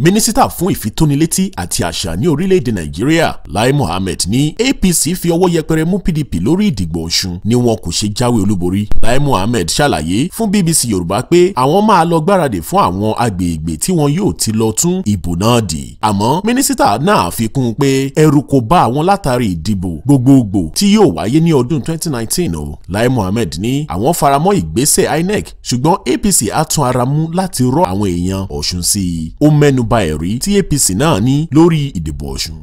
mínísítà fún ìfitónilétí àti àṣà ní orílẹ̀-èdè nàìjíríà lai mohammed ní apc fi ọwọ́ yẹpẹrẹ mú pdp lórí ìdìbò ọ̀ṣun ni wọn kò ṣe jáwé olúborí lai mohammed ṣàlàyé fún bbc yorùbá pé àwọn máa lọ gbáradì fún àwọn agbègbè tí wọn yóò ti lọ tún ìbò náà dì àmọ́ mínísítà náà fi kún un pé ẹ̀rù kò bá àwọn látàrí ìdìbò gbogbogbò tí yóò wáyé ní ọdún 2019 o lai mohammed ní àwọn faramọ́ ìgbésẹ̀ inec ṣùgbọ́n apc á tún ara mú láti rọ àwọn èèyàn ọ̀ṣun sí i ó mẹ́nu ìwọ̀nba ẹ̀rí tí APC náà ní lórí ìdìbò Ọ̀ṣun